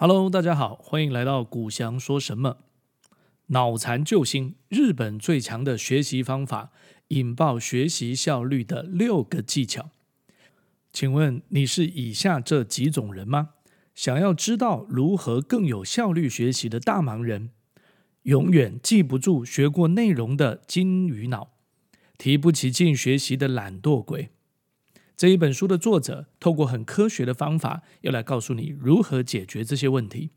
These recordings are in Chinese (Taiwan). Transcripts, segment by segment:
Hello，大家好，歡迎來到古祥說什麼。腦殘救星，日本最強的學習方法，引爆學習效率的六個技巧。請問你是以下這幾種人嗎？想要知道如何更有效率學習的大忙人，永遠記不住學過內容的金魚腦，提不起勁學習的懶惰鬼。這一本書的作者透過很科學的方法，要來告訴你如何解決這些問題。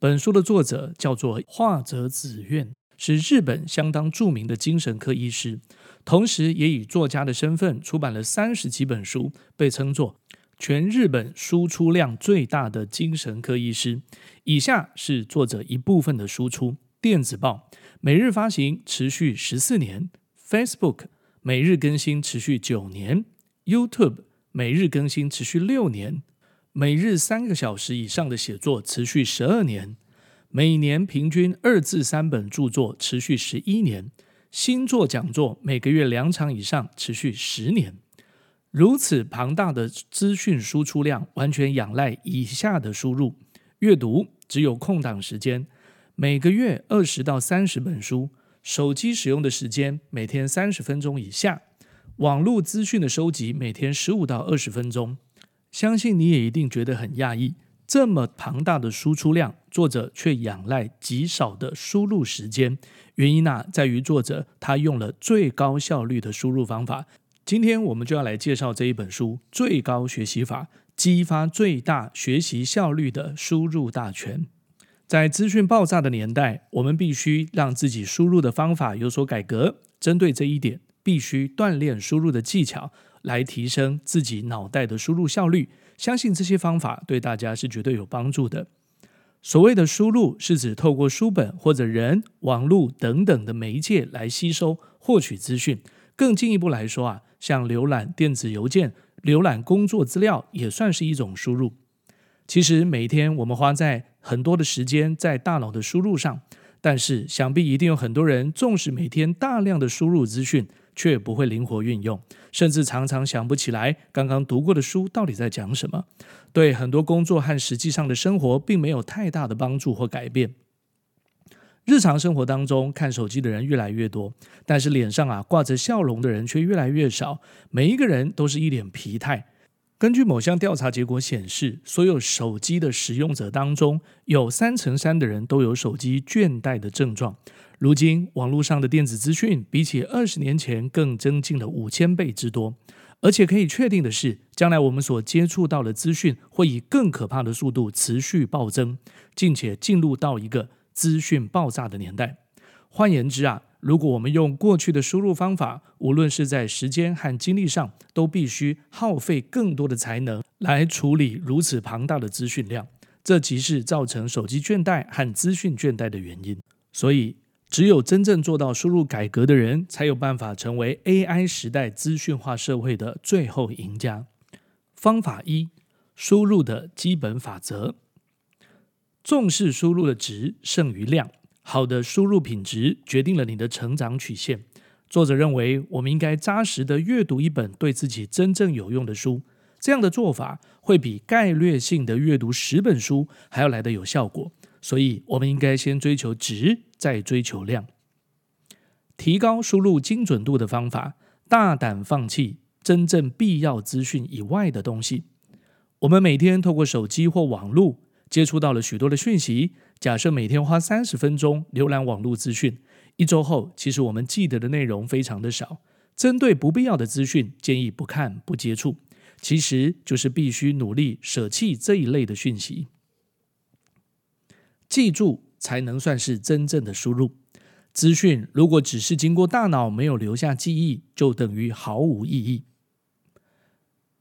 本書的作者叫做樺澤紫苑，是日本相當著名的精神科醫師，同時也以作家的身份出版了三十幾本書，被稱作全日本輸出量最大的精神科醫師。以下是作者一部分的輸出：電子報每日發行持續十四年，Facebook 每日更新持續九年。YouTube 每日更新持續六年，每日三個小時以上的寫作持續十二年，每年平均二至三本著作持續十一年，新作講座每個月兩場以上持續十年。如此龐大的資訊輸出量，完全仰賴以下的輸入：閱讀，只有空檔時間，每個月二十到三十本書，手機使用的時間每天三十分鐘以下。網絡資訊的收集，每天十五到二十分鐘，相信你也一定覺得很訝異。這麼龐大的輸出量，作者卻仰賴極少的輸入時間。原因呢、啊，在於作者他用了最高效率的輸入方法。今天，我們就要來介紹這一本書《最高學習法》，激發最大學習效率的輸入大全。在資訊爆炸的年代，我們必須讓自己輸入的方法有所改革。針對這一點。必須鍛鍊輸入的技巧，來提升自己腦袋的輸入效率。相信這些方法對大家是絕對有幫助的。所謂的輸入，是指透過書本或者人、網絡等等的媒介來吸收獲取資訊。更進一步來說啊，像瀏覽電子郵件、瀏覽工作資料，也算是一種輸入。其實每天我們花在很多的時間在大腦的輸入上，但是想必一定有很多人，重視每天大量的輸入資訊。卻不會靈活運用，甚至常常想不起來剛剛讀過的書到底在講什麼，對很多工作和實際上的生活並沒有太大的幫助或改變。日常生活當中，看手機的人越來越多，但是臉上啊掛着笑容的人卻越來越少，每一個人都是一臉疲態。根據某項調查結果顯示，所有手機的使用者當中，有三成三的人都有手機倦怠的症狀。如今，網絡上的電子資訊比起二十年前更增進了五千倍之多。而且可以確定的是，將來我們所接觸到的資訊會以更可怕的速度持續暴增，並且進入到一個資訊爆炸的年代。換言之啊。如果我們用過去的輸入方法，無論是在時間和精力上，都必須耗費更多的才能來處理如此龐大的資訊量，這即是造成手機倦怠和資訊倦怠的原因。所以，只有真正做到輸入改革的人，才有辦法成為 AI 時代資訊化社會的最後贏家。方法一：輸入的基本法則，重視輸入的質勝於量。好的輸入品質決定了你的成長曲線。作者認為，我們應該紮實的閱讀一本對自己真正有用的書，這樣的做法會比概略性的閱讀十本書還要來得有效果。所以，我們應該先追求質，再追求量。提高輸入精準度的方法，大膽放棄真正必要資訊以外的東西。我們每天透過手機或網絡，接觸到了許多的訊息。假設每天花三十分鐘瀏覽網絡資訊，一周後，其實我們記得的內容非常的少。針對不必要的資訊，建議不看不接觸。其實就是必須努力舍棄這一類的訊息。記住才能算是真正的輸入。資訊如果只是經過大腦沒有留下記憶，就等於毫無意義。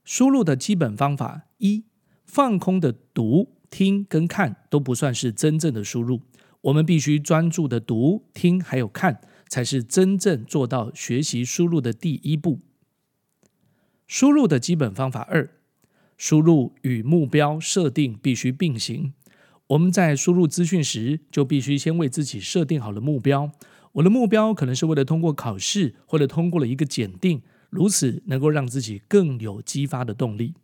輸入的基本方法一：放空的讀。聽跟看都不算是真正的輸入，我們必須專注的讀、聽還有看，才是真正做到學習輸入的第一步。輸入的基本方法二：輸入與目標設定必須並行。我們在輸入資訊時，就必須先為自己設定好了目標。我的目標可能是為了通過考試，或者通過了一個檢定，如此能夠讓自己更有激發的動力。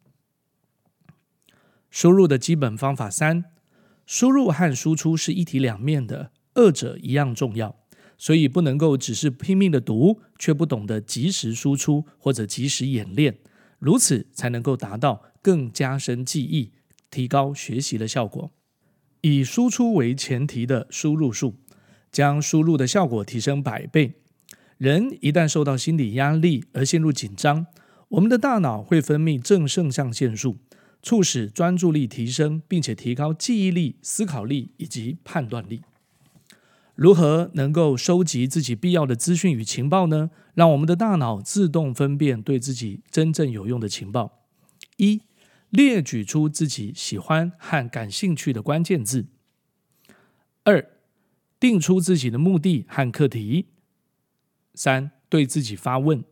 輸入的基本方法三，輸入和輸出是一體兩面的，二者一樣重要，所以不能夠只是拼命的讀，卻不懂得及時輸出或者及時演練，如此才能夠達到更加深記憶、提高學習的效果。以輸出為前提的輸入術，將輸入的效果提升百倍。人一旦受到心理壓力而陷入緊張，我們的大腦會分泌正腎上腺素。促使專注力提升，並且提高記憶力、思考力以及判斷力。如何能夠收集自己必要的資訊與情報呢？讓我們的大腦自動分辨對自己真正有用的情報。一、列舉出自己喜歡和感興趣的關鍵字。二、定出自己的目的和課題。三、對自己發問。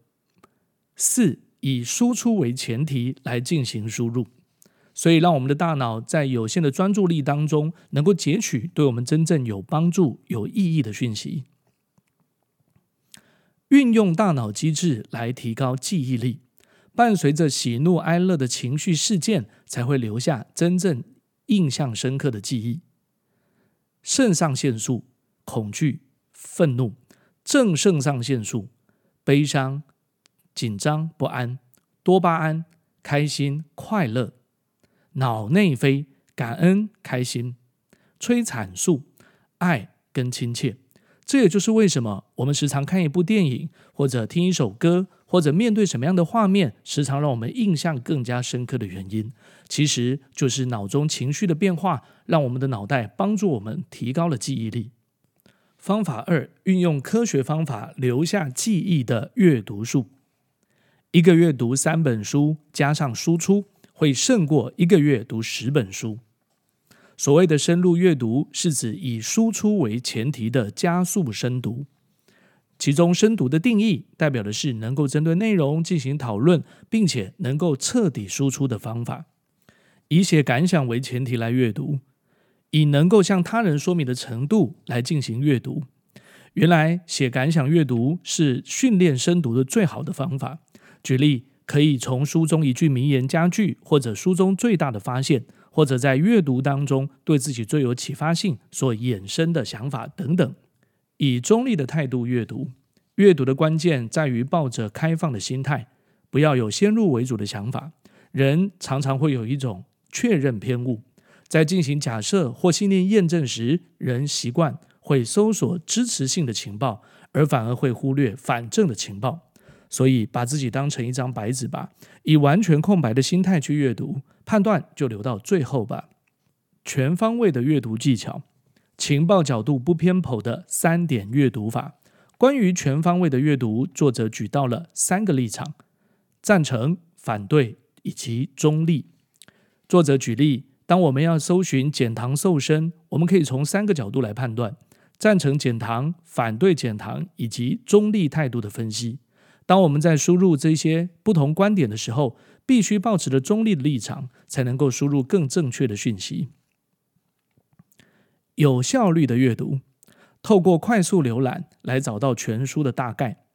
四、以輸出為前提來進行輸入。所以，讓我們的大腦在有限的專注力當中，能夠截取對我們真正有幫助、有意義的訊息。運用大腦機制來提高記憶力，伴隨着喜怒哀樂的情緒事件，才會留下真正印象深刻的記憶。腎上腺素、恐懼、憤怒、正腎上腺素、悲傷、緊張、不安、多巴胺、開心、快樂。腦內啡，感恩、開心催產素，愛跟親切。這也就是為什麼我們時常看一部電影，或者聽一首歌，或者面對什麼樣的畫面，時常讓我們印象更加深刻的原因。其實就是腦中情緒的變化，讓我們的腦袋幫助我們提高了記憶力。方法二，運用科學方法留下記憶的閱讀術。一個月閱讀三本書，加上輸出，會勝過一個月讀十本書。所謂的深入閱讀，是指以輸出為前提的加速深讀。其中，深讀的定義代表的是能夠針對內容進行討論，並且能夠徹底輸出的方法。以寫感想為前提來閱讀，以能夠向他人說明的程度來進行閱讀。原來寫感想閱讀是訓練深讀的最好的方法。舉例。可以從書中一句名言佳句，或者書中最大的發現，或者在閱讀當中對自己最有啟發性所衍生的想法等等，以中立的態度閱讀。閱讀的關鍵在於抱着開放的心態，不要有先入為主的想法。人常常會有一種確認偏誤，在進行假設或信念驗證時，人習慣會搜索支持性的情報，而反而會忽略反證的情報。所以，把自己當成一張白紙吧，以完全空白的心態去閱讀，判斷就留到最後吧。全方位的閱讀技巧，情報角度不偏頗的三點閱讀法。關於全方位的閱讀，作者舉到了三個立場：贊成、反對以及中立。作者舉例，當我們要搜尋減糖瘦身，我們可以從三個角度來判斷：贊成減糖、反對減糖以及中立態度的分析。當我們在輸入這些不同觀點的時候，必須保持着中立的立場，才能夠輸入更正確的訊息。有效率的閱讀，透過快速瀏覽來找到全書的大概，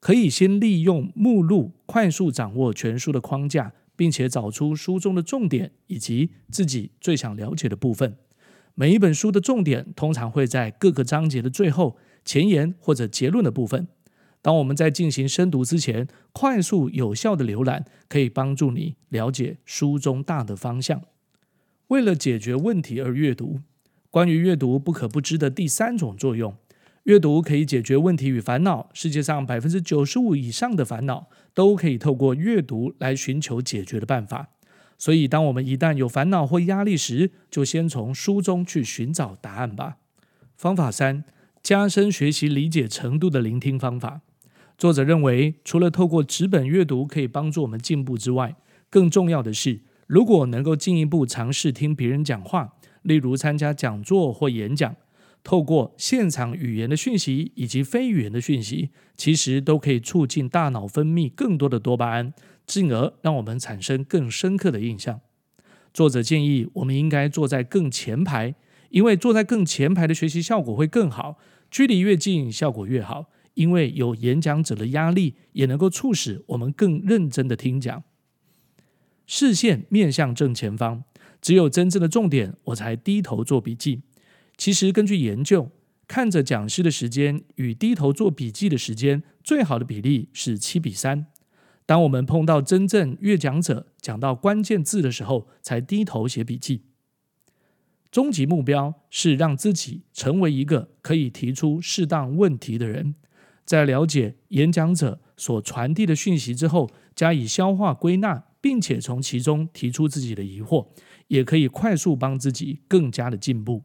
可以先利用目錄快速掌握全書的框架，並且找出書中的重點以及自己最想了解的部分。每一本書的重點通常會在各個章節的最後、前言或者結論的部分。當我們在進行深讀之前，快速有效的瀏覽可以幫助你了解書中大的方向。為了解決問題而閱讀，關於閱讀不可不知的第三種作用：閱讀可以解決問題與煩惱。世界上百分之九十五以上的煩惱都可以透過閱讀來尋求解決的辦法。所以當我們一旦有煩惱或壓力時，就先從書中去尋找答案吧。方法三：加深學習理解程度的聆聽方法。作者認為，除了透過紙本閱讀可以幫助我們進步之外，更重要的是，如果能夠進一步嘗試聽別人講話，例如參加講座或演講，透過現場語言的訊息以及非語言的訊息，其實都可以促進大腦分泌更多的多巴胺，進而讓我們產生更深刻的印象。作者建議，我們應該坐在更前排，因為坐在更前排的學習效果會更好，距離越近，效果越好。因為有演講者的壓力，也能夠促使我們更認真的聽講。視線面向正前方，只有真正的重點，我才低頭做筆記。其實根據研究，看着講師的時間與低頭做筆記的時間，最好的比例是七比三。當我們碰到真正閱講者講到關鍵字的時候，才低頭寫筆記。終極目標是讓自己成為一個可以提出適當問題的人。在了解演講者所傳遞的訊息之後，加以消化歸納，並且從其中提出自己的疑惑，也可以快速幫自己更加的進步。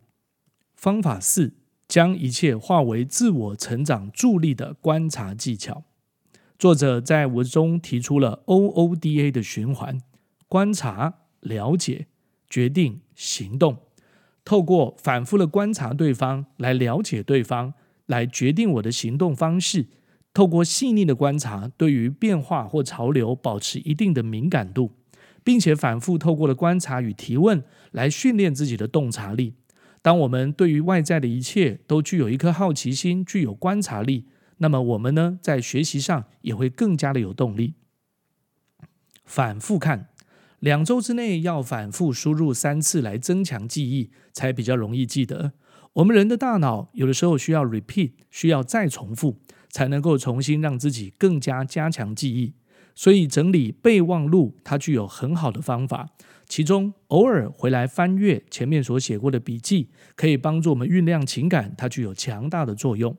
方法四，將一切化為自我成長助力的觀察技巧。作者在文中提出了 OODA 的循環：觀察、了解、決定、行動。透過反覆的觀察對方，來了解對方。來決定我的行動方式，透過細膩的觀察，對於變化或潮流保持一定的敏感度，並且反覆透過了觀察與提問，來訓練自己的洞察力。當我們對於外在的一切都具有一顆好奇心，具有觀察力，那麼我們呢，在學習上也會更加的有動力。反覆看，兩周之內要反覆輸入三次來增強記憶，才比較容易記得。我們人的大腦有的時候需要 repeat，需要再重複，才能夠重新讓自己更加加強記憶。所以整理備忘錄，它具有很好的方法。其中偶爾回來翻閱前面所寫過的筆記，可以幫助我們醞釀情感，它具有強大的作用。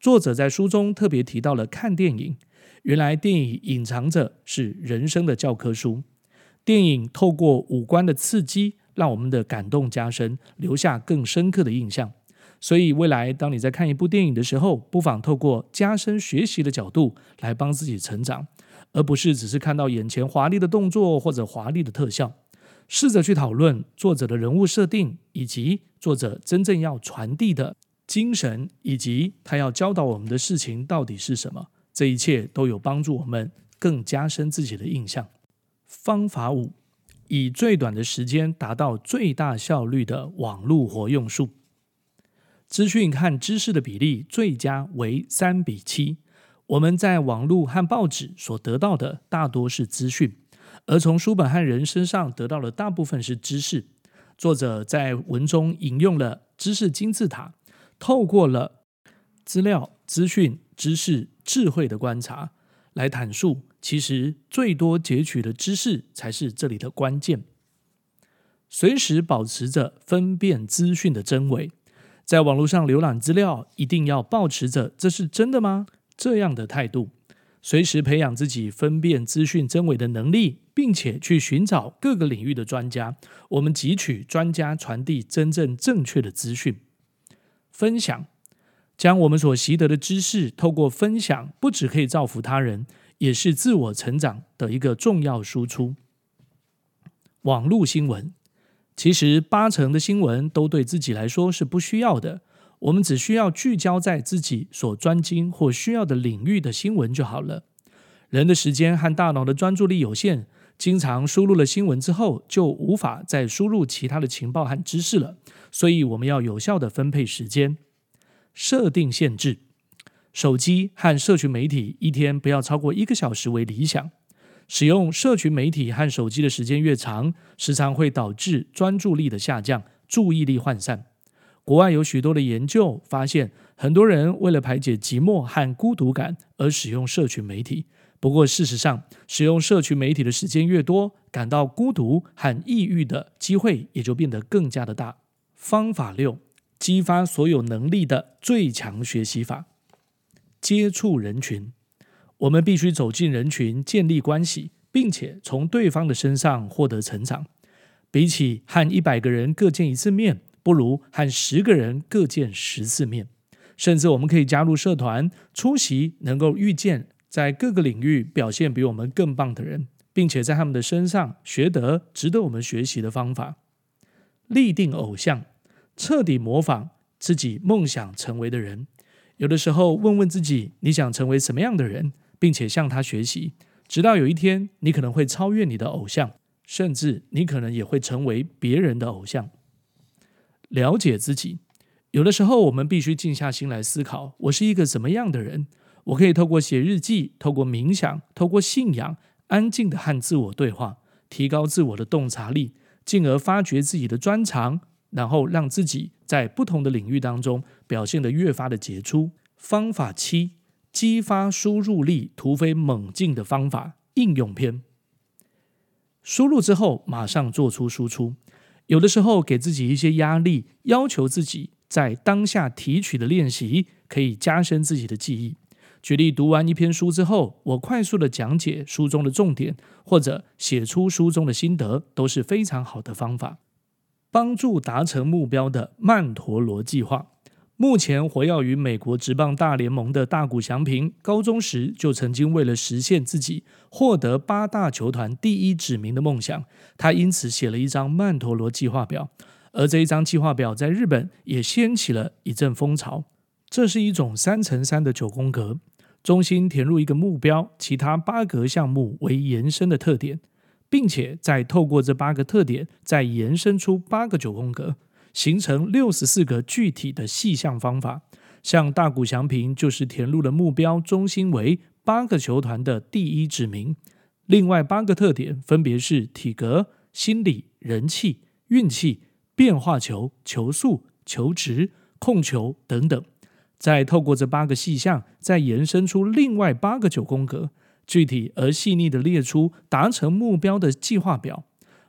作者在書中特別提到了看電影，原來電影隱藏着是人生的教科書。電影透過五官的刺激。讓我們的感動加深，留下更深刻的印象。所以，未來當你在看一部電影的時候，不妨透過加深學習的角度來幫自己成長，而不是只是看到眼前華麗的動作或者華麗的特效。試着去討論作者的人物設定，以及作者真正要傳遞的精神，以及他要教導我們的事情到底是什麼。這一切都有幫助我們更加深自己的印象。方法五。以最短的時間達到最大效率的網絡活用術，資訊和知識的比例最佳為三比七。我們在網絡和報紙所得到的大多是資訊，而從書本和人身上得到的大部分是知識。作者在文中引用了知識金字塔，透過了資料、資訊、知識、智慧的觀察。來闡述，其實最多截取的知識才是這裡的關鍵。隨時保持着分辨資訊的真偽，在網絡上瀏覽資料，一定要抱持著“這是真的嗎？”這樣的態度。隨時培養自己分辨資訊真偽的能力，並且去尋找各個領域的專家，我們汲取專家傳遞真正正確的資訊，分享。將我們所習得的知識透過分享，不只可以造福他人，也是自我成長的一個重要輸出。網絡新聞其實八成的新聞都對自己來說是不需要的，我們只需要聚焦在自己所專精或需要的領域的新聞就好了。人的時間和大腦的專注力有限，經常輸入了新聞之後，就無法再輸入其他的情報和知識了。所以，我們要有效地分配時間。設定限制，手機和社群媒體一天不要超過一個小時為理想。使用社群媒體和手機的時間越長，時常會導致專注力的下降、注意力渙散。國外有許多的研究發現，很多人為了排解寂寞和孤獨感而使用社群媒體，不過事實上，使用社群媒體的時間越多，感到孤獨和抑鬱的機會也就變得更加的大。方法六。激發所有能力的最強學習法：接觸人群。我們必須走進人群，建立關係，並且從對方的身上獲得成長。比起和一百個人各見一次面，不如和十個人各見十次面。甚至我們可以加入社團，出席能夠遇見在各個領域表現比我們更棒的人，並且在他們的身上學得值得我們學習的方法。立定偶像。徹底模仿自己夢想成為的人，有的時候問問自己，你想成為什麼樣的人？並且向他學習，直到有一天你可能會超越你的偶像，甚至你可能也會成為別人的偶像。了解自己，有的時候我們必須靜下心來思考，我是一個什麼樣的人？我可以透過寫日記、透過冥想、透過信仰，安靜地和自我對話，提高自我的洞察力，進而發掘自己的專長。然後讓自己在不同的領域當中表現得越發的傑出。方法七：激發輸入力突飛猛進的方法。應用篇：輸入之後馬上做出輸出。有的時候給自己一些壓力，要求自己在當下提取的練習，可以加深自己的記憶。舉例：讀完一篇書之後，我快速地講解書中的重點，或者寫出書中的心得，都是非常好的方法。幫助達成目標的曼陀羅計劃，目前活躍於美國職棒大聯盟的大谷翔平，高中時就曾經為了實現自己獲得八大球團第一指名的夢想，他因此寫了一張曼陀羅計劃表，而這一張計劃表在日本也掀起了一陣風潮。這是一種三乘三的九宮格，中心填入一個目標，其他八格項目為延伸的特點。並且再透過這八個特點，再延伸出八個九宮格，形成六十四個具體的細項方法。像大谷翔平就是填入了目標中心為八個球團的第一指名。另外八個特點分別是體格、心理、人氣、運氣、變化球、球速、球值、控球等等。再透過這八個細項，再延伸出另外八個九宮格。具體而細膩地列出達成目標的計劃表，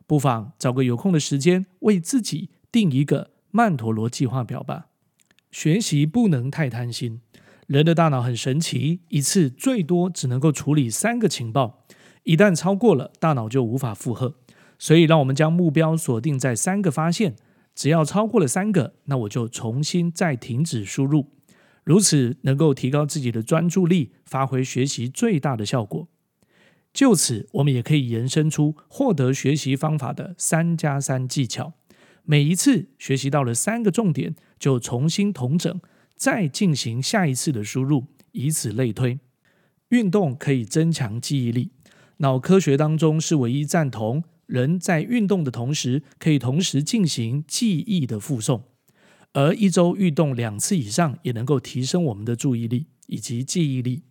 不妨找個有空的時間，為自己定一個曼陀羅計劃表吧。學習不能太貪心，人的大腦很神奇，一次最多只能夠處理三個情報，一旦超過了，大腦就無法負荷。所以，讓我們將目標鎖定在三個發現，只要超過了三個，那我就重新再停止輸入。如此能夠提高自己的專注力，發揮學習最大的效果。就此，我們也可以延伸出獲得學習方法的三加三技巧。每一次學習到了三個重點，就重新統整，再進行下一次的輸入，以此類推。運動可以增強記憶力，腦科學當中是唯一贊同人在運動的同時可以同時進行記憶的複誦。而一週運動兩次以上，也能夠提升我們的注意力以及記憶力。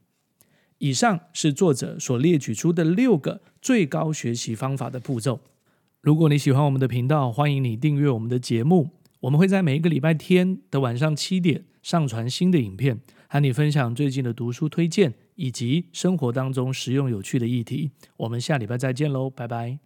以上是作者所列舉出的六個最高學習方法的步驟。如果你喜歡我們的頻道，歡迎你訂閱我們的節目。我們會在每一個禮拜天的晚上七點上傳新的影片，和你分享最近的讀書推薦以及生活當中實用有趣的議題。我們下禮拜再見嘍，拜拜。